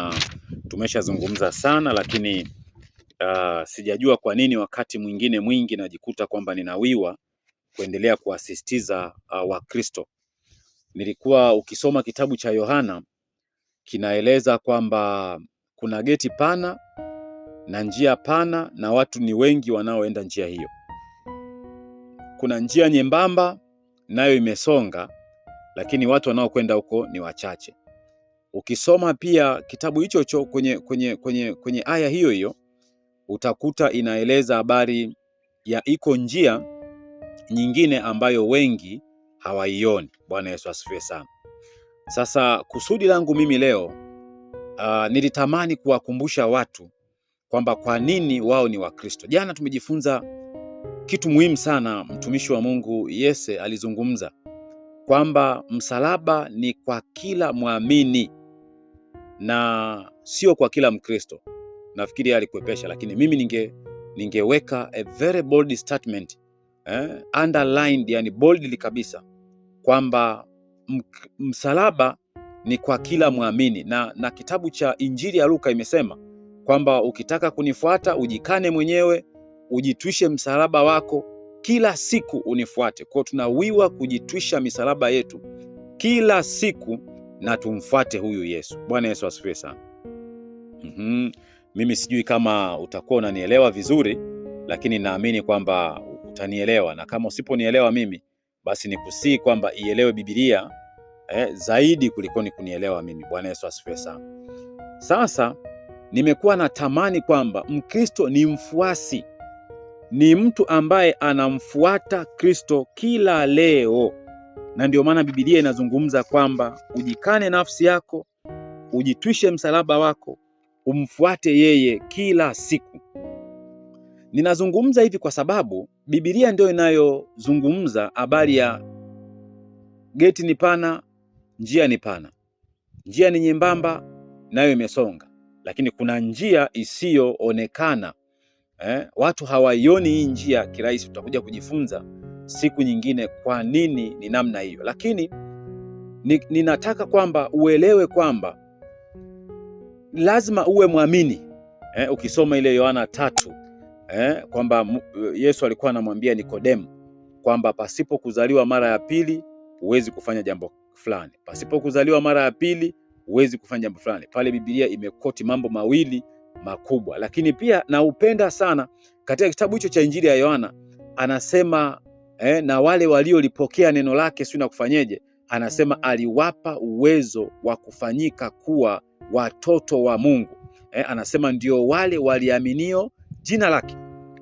Ah, tumeshazungumza sana lakini uh, sijajua kwa nini wakati mwingine mwingi najikuta kwamba ninawiwa kuendelea kuwasisitiza uh, Wakristo. Nilikuwa ukisoma kitabu cha Yohana kinaeleza kwamba kuna geti pana na njia pana na watu ni wengi wanaoenda njia hiyo. Kuna njia nyembamba nayo imesonga, lakini watu wanaokwenda huko ni wachache. Ukisoma pia kitabu hicho cho kwenye, kwenye, kwenye, kwenye aya hiyo hiyo utakuta inaeleza habari ya iko njia nyingine ambayo wengi hawaioni. Bwana Yesu asifiwe sana. Sasa kusudi langu mimi leo uh, nilitamani kuwakumbusha watu kwamba kwa nini wao ni Wakristo. Jana tumejifunza kitu muhimu sana, mtumishi wa Mungu Yese alizungumza kwamba msalaba ni kwa kila mwamini na sio kwa kila Mkristo. Nafikiri alikuepesha, lakini mimi ninge ningeweka a very bold statement eh, underlined, yani boldly kabisa kwamba msalaba ni kwa kila mwamini na, na kitabu cha Injili ya Luka imesema kwamba ukitaka kunifuata ujikane mwenyewe ujitwishe msalaba wako kila siku unifuate. Kwa tunawiwa kujitwisha misalaba yetu kila siku na tumfuate huyu Yesu. Bwana Yesu asifiwe sana. mm -hmm. Mimi sijui kama utakuwa unanielewa vizuri, lakini naamini kwamba utanielewa, na kama usiponielewa mimi, basi nikusii kwamba ielewe Biblia eh, zaidi kulikoni kunielewa mimi. Bwana Yesu asifiwe sana. Sasa nimekuwa natamani kwamba Mkristo ni mfuasi, ni mtu ambaye anamfuata Kristo kila leo na ndio maana Biblia inazungumza kwamba ujikane nafsi yako, ujitwishe msalaba wako, umfuate yeye kila siku. Ninazungumza hivi kwa sababu Biblia ndio inayozungumza habari ya geti ni pana, njia ni pana, njia ni nyembamba, nayo imesonga, lakini kuna njia isiyoonekana. Eh, watu hawaioni hii njia kirahisi. Tutakuja kujifunza siku nyingine kwa nini ni namna hiyo. Lakini ni, ninataka kwamba uelewe kwamba lazima uwe mwamini eh, ukisoma ile Yohana tatu eh, kwamba Yesu alikuwa anamwambia Nikodemu kwamba pasipo kuzaliwa mara ya pili huwezi kufanya jambo fulani, pasipo kuzaliwa mara ya pili huwezi kufanya jambo fulani. Pale Biblia imekoti mambo mawili makubwa, lakini pia naupenda sana katika kitabu hicho cha Injili ya Yohana anasema eh, na wale waliolipokea neno lake si na kufanyeje? Anasema aliwapa uwezo wa kufanyika kuwa watoto wa Mungu eh, anasema ndio wale waliaminio jina lake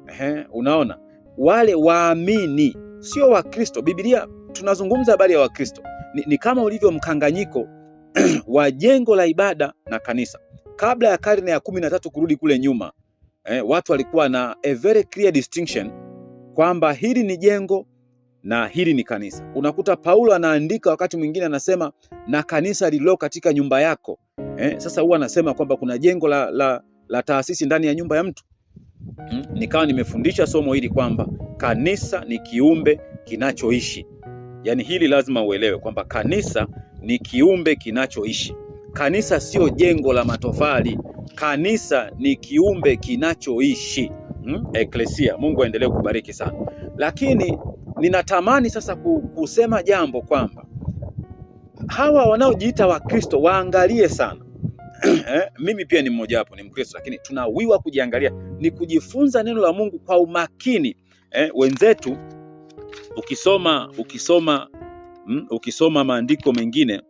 eh, unaona wale waamini, sio Wakristo. Biblia tunazungumza habari ya Wakristo ni, ni kama ulivyo mkanganyiko wa jengo la ibada na kanisa kabla ya karne ya kumi na tatu kurudi kule nyuma eh, watu walikuwa na a very clear distinction kwamba hili ni jengo na hili ni kanisa. Unakuta Paulo anaandika wakati mwingine anasema na kanisa lililo katika nyumba yako. Eh, sasa huwa anasema kwamba kuna jengo la, la, la taasisi ndani ya nyumba ya mtu. Hmm, nikawa nimefundisha somo hili kwamba kanisa ni kiumbe kinachoishi. Yaani hili lazima uelewe kwamba kanisa ni kiumbe kinachoishi. Kanisa sio jengo la matofali. Kanisa ni kiumbe kinachoishi mm, eklesia. Mungu aendelee kubariki sana, lakini ninatamani sasa kusema jambo kwamba hawa wanaojiita Wakristo waangalie sana eh, mimi pia ni mmoja wapo, ni Mkristo, lakini tunawiwa kujiangalia, ni kujifunza neno la Mungu kwa umakini eh, wenzetu. Ukisoma ukisoma mm, ukisoma maandiko mengine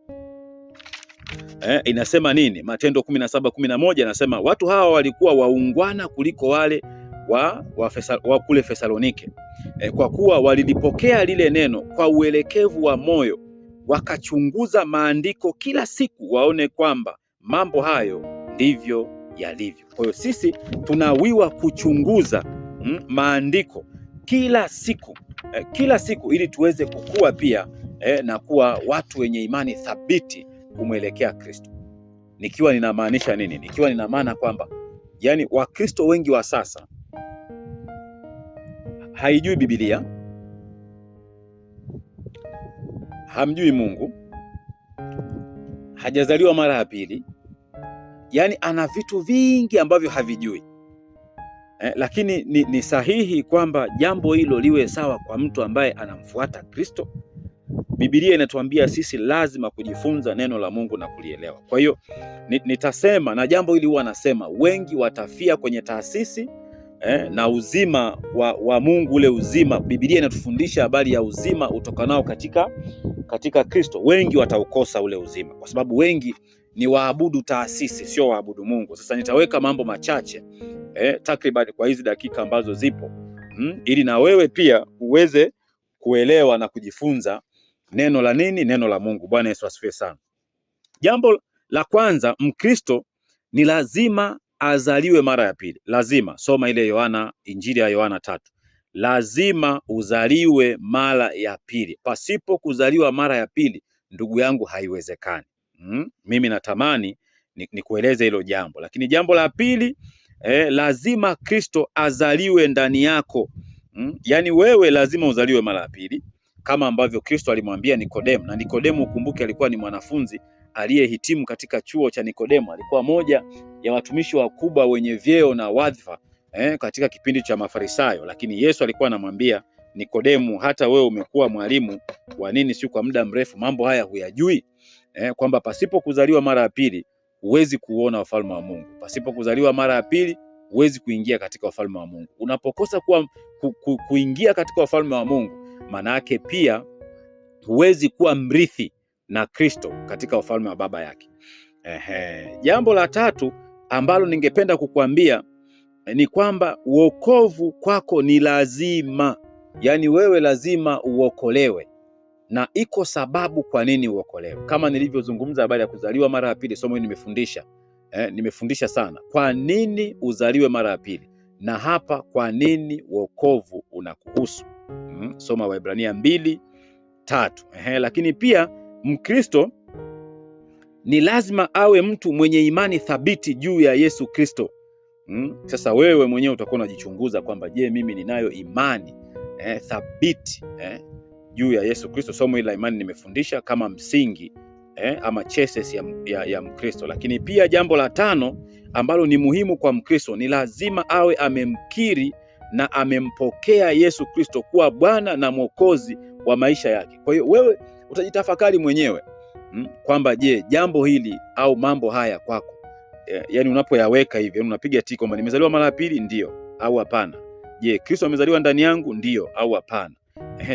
eh, inasema nini? Matendo 17:11 nasema watu hawa walikuwa waungwana kuliko wale wa, wa, fesa, wa kule Thesalonike e, eh, kwa kuwa walilipokea lile neno kwa uelekevu wa moyo, wakachunguza maandiko kila siku waone kwamba mambo hayo ndivyo yalivyo. Kwa hiyo sisi tunawiwa kuchunguza mm, maandiko kila siku e, kila siku ili tuweze kukua pia e, na kuwa watu wenye imani thabiti kumwelekea Kristo. Nikiwa ninamaanisha nini? Nikiwa nina maana kwamba yani Wakristo wengi wa sasa haijui Biblia, hamjui Mungu, hajazaliwa mara ya pili, yaani ana vitu vingi ambavyo havijui eh, lakini ni, ni sahihi kwamba jambo hilo liwe sawa kwa mtu ambaye anamfuata Kristo. Biblia inatuambia sisi lazima kujifunza neno la Mungu na kulielewa. Kwa hiyo nitasema na jambo hili huwa nasema, wengi watafia kwenye taasisi eh, na uzima wa, wa Mungu ule uzima. Biblia inatufundisha habari ya uzima utokanao katika katika Kristo. Wengi wataukosa ule uzima kwa sababu wengi ni waabudu taasisi, sio waabudu Mungu. Sasa nitaweka mambo machache eh, takriban kwa hizi dakika ambazo zipo hmm, ili na wewe pia uweze kuelewa na kujifunza neno la nini, neno la Mungu. Bwana Yesu asifiwe sana. Jambo la kwanza, Mkristo ni lazima azaliwe mara ya pili, lazima soma ile Yohana, injili ya Yohana tatu, lazima uzaliwe mara ya pili. Pasipo kuzaliwa mara ya pili, ndugu yangu, haiwezekani. Hmm? Mimi natamani nikueleze ni hilo jambo, lakini jambo la pili eh, lazima Kristo azaliwe ndani yako. Hmm? Yaani wewe lazima uzaliwe mara ya pili kama ambavyo Kristo alimwambia Nikodemu, na Nikodemu ukumbuke, alikuwa ni mwanafunzi aliyehitimu katika chuo cha Nikodemo. Alikuwa moja ya watumishi wakubwa wenye vyeo na wadhifa eh, katika kipindi cha Mafarisayo, lakini Yesu alikuwa anamwambia Nikodemu, hata wewe umekuwa mwalimu wa nini, si kwa muda mrefu, mambo haya huyajui eh, kwamba pasipo kuzaliwa mara ya pili huwezi kuona ufalme wa Mungu. Pasipo kuzaliwa mara ya pili huwezi kuingia katika ufalme wa Mungu. Unapokosa kuwa, ku, ku, kuingia katika ufalme wa Mungu, maana yake pia huwezi kuwa mrithi na Kristo katika ufalme wa Baba yake. Ehe, jambo la tatu ambalo ningependa kukuambia eh, ni kwamba uokovu kwako ni lazima, yaani wewe lazima uokolewe na iko sababu kwa nini uokolewe. Kama nilivyozungumza habari ya kuzaliwa mara ya pili, somo hili nimefundisha eh, nimefundisha sana kwa nini uzaliwe mara ya pili, na hapa kwa nini wokovu unakuhusu. Hmm, soma Waebrania mbili tatu. Ehe, lakini pia Mkristo ni lazima awe mtu mwenye imani thabiti juu ya Yesu Kristo. Hmm? Sasa wewe mwenyewe utakuwa unajichunguza kwamba je, mimi ninayo imani eh, thabiti eh, juu ya Yesu Kristo. Somo hili la imani nimefundisha kama msingi eh, ama chesis ya, ya, ya Mkristo. Lakini pia jambo la tano ambalo ni muhimu kwa Mkristo ni lazima awe amemkiri na amempokea Yesu Kristo kuwa Bwana na Mwokozi wa maisha yake. Kwa hiyo wewe utajitafakari mwenyewe mm, kwamba je, jambo hili au mambo haya kwako e, yani unapoyaweka hivi unapiga tiki kwamba nimezaliwa mara ya pili, ndio au hapana? Je, Kristo amezaliwa ndani yangu, ndio au hapana?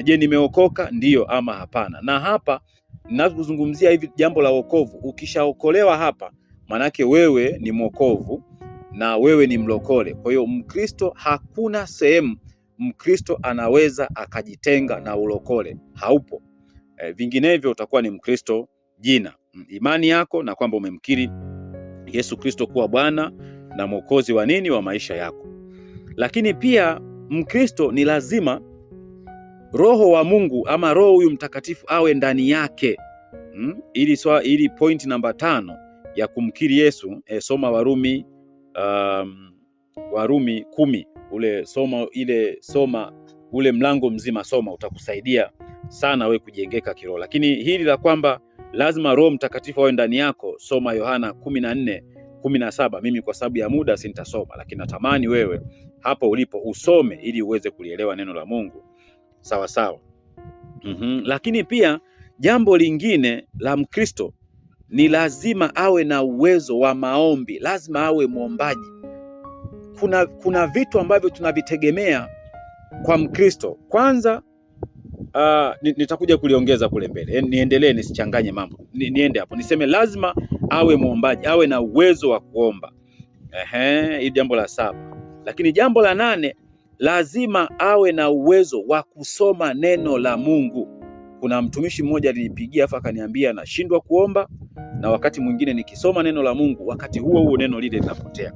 Je, nimeokoka, ndio ama hapana? Na hapa ninapozungumzia hivi jambo la wokovu, ukishaokolewa hapa, manake wewe ni mwokovu na wewe ni mlokole. Kwa hiyo Mkristo, hakuna sehemu Mkristo anaweza akajitenga na ulokole, haupo e, vinginevyo utakuwa ni Mkristo jina, mm, imani yako na kwamba umemkiri Yesu Kristo kuwa Bwana na Mwokozi wa nini wa maisha yako. Lakini pia Mkristo ni lazima Roho wa Mungu ama Roho huyu Mtakatifu awe ndani yake hmm? ili swa, ili point namba tano ya kumkiri Yesu e, soma Warumi um, Warumi kumi ule soma ile soma ule mlango mzima soma, utakusaidia sana we kujengeka kiroho. Lakini hili la kwamba lazima Roho Mtakatifu awe ndani yako, soma Yohana kumi na nne kumi na saba. Mimi kwa sababu ya muda sintasoma, lakini natamani wewe hapo ulipo usome ili uweze kulielewa neno la Mungu sawa sawa. Mm -hmm. Lakini pia jambo lingine la Mkristo ni lazima awe na uwezo wa maombi, lazima awe mwombaji. Kuna, kuna vitu ambavyo tunavitegemea kwa Mkristo. Kwanza uh, nitakuja kuliongeza kule mbele, yaani niendelee nisichanganye mambo, niende hapo niseme lazima awe muombaji, awe na uwezo wa kuomba. Ehe, hili jambo la saba. Lakini jambo la nane, lazima awe na uwezo wa kusoma neno la Mungu. Kuna mtumishi mmoja alinipigia afa akaniambia anashindwa kuomba, na wakati mwingine nikisoma neno la Mungu, wakati huo huo neno lile linapotea.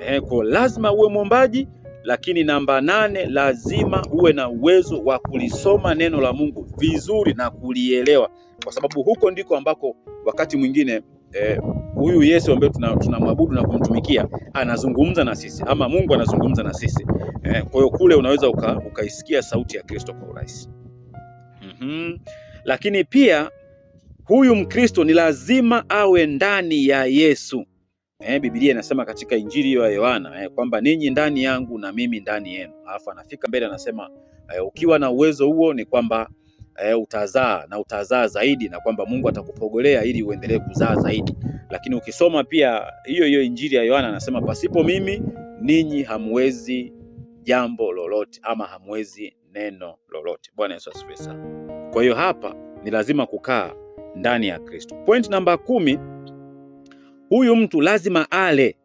Ehe, kwa lazima uwe mwombaji, lakini namba nane, lazima uwe na uwezo wa kulisoma neno la Mungu vizuri na kulielewa, kwa sababu huko ndiko ambako wakati mwingine eh, huyu Yesu ambaye tunamwabudu tuna na kumtumikia anazungumza na sisi ama Mungu anazungumza na sisi eh, kwa hiyo kule unaweza uka, ukaisikia sauti ya Kristo kwa urahisi mm -hmm. Lakini pia huyu Mkristo ni lazima awe ndani ya Yesu. Eh, Biblia inasema katika Injili ya Yohana eh, kwamba ninyi ndani yangu na mimi ndani yenu. Alafu anafika mbele anasema eh, ukiwa na uwezo huo ni kwamba eh, utazaa na utazaa zaidi na kwamba Mungu atakupogolea ili uendelee kuzaa zaidi. Lakini ukisoma pia hiyo hiyo Injili ya Yohana anasema pasipo mimi ninyi hamwezi jambo lolote ama hamwezi neno lolote. Bwana Yesu asifiwe sana. Kwa hiyo hapa ni lazima kukaa ndani ya Kristo. Point namba kumi huyu mtu lazima ale,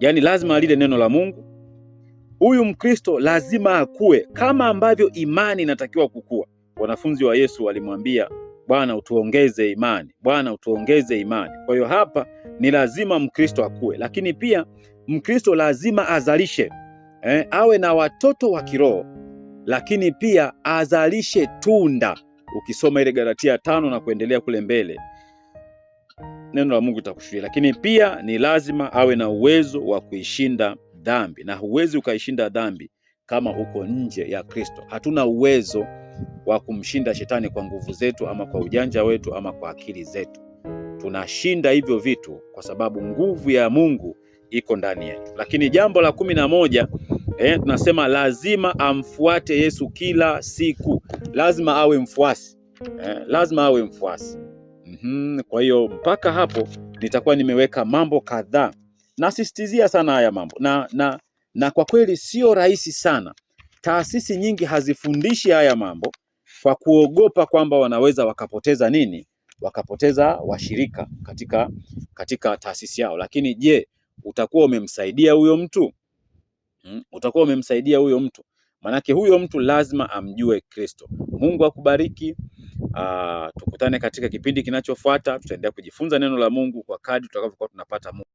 yaani lazima alile neno la Mungu. Huyu Mkristo lazima akue kama ambavyo imani inatakiwa kukua. Wanafunzi wa Yesu walimwambia Bwana, utuongeze imani, Bwana utuongeze imani. Kwa hiyo hapa ni lazima Mkristo akue, lakini pia Mkristo lazima azalishe eh, awe na watoto wa kiroho, lakini pia azalishe tunda. Ukisoma ile Galatia tano na kuendelea kule mbele neno la Mungu litakushuhudia, lakini pia ni lazima awe na uwezo wa kuishinda dhambi, na huwezi ukaishinda dhambi kama uko nje ya Kristo. Hatuna uwezo wa kumshinda shetani kwa nguvu zetu ama kwa ujanja wetu ama kwa akili zetu. Tunashinda hivyo vitu kwa sababu nguvu ya Mungu iko ndani yetu. Lakini jambo la kumi na moja eh, tunasema lazima amfuate Yesu kila siku, lazima awe mfuasi eh, lazima awe mfuasi. Mm-hmm. Kwa hiyo mpaka hapo nitakuwa nimeweka mambo kadhaa, nasisitizia sana haya mambo na, na, na kwa kweli sio rahisi sana. Taasisi nyingi hazifundishi haya mambo kwa kuogopa kwamba wanaweza wakapoteza nini, wakapoteza washirika katika, katika taasisi yao. Lakini je, utakuwa umemsaidia huyo mtu? Hmm. Utakuwa umemsaidia huyo mtu. Manake huyo mtu lazima amjue Kristo. Mungu akubariki. Ah, tukutane katika kipindi kinachofuata, tutaendelea kujifunza neno la Mungu kwa kadri tutakavyokuwa tunapata Mungu.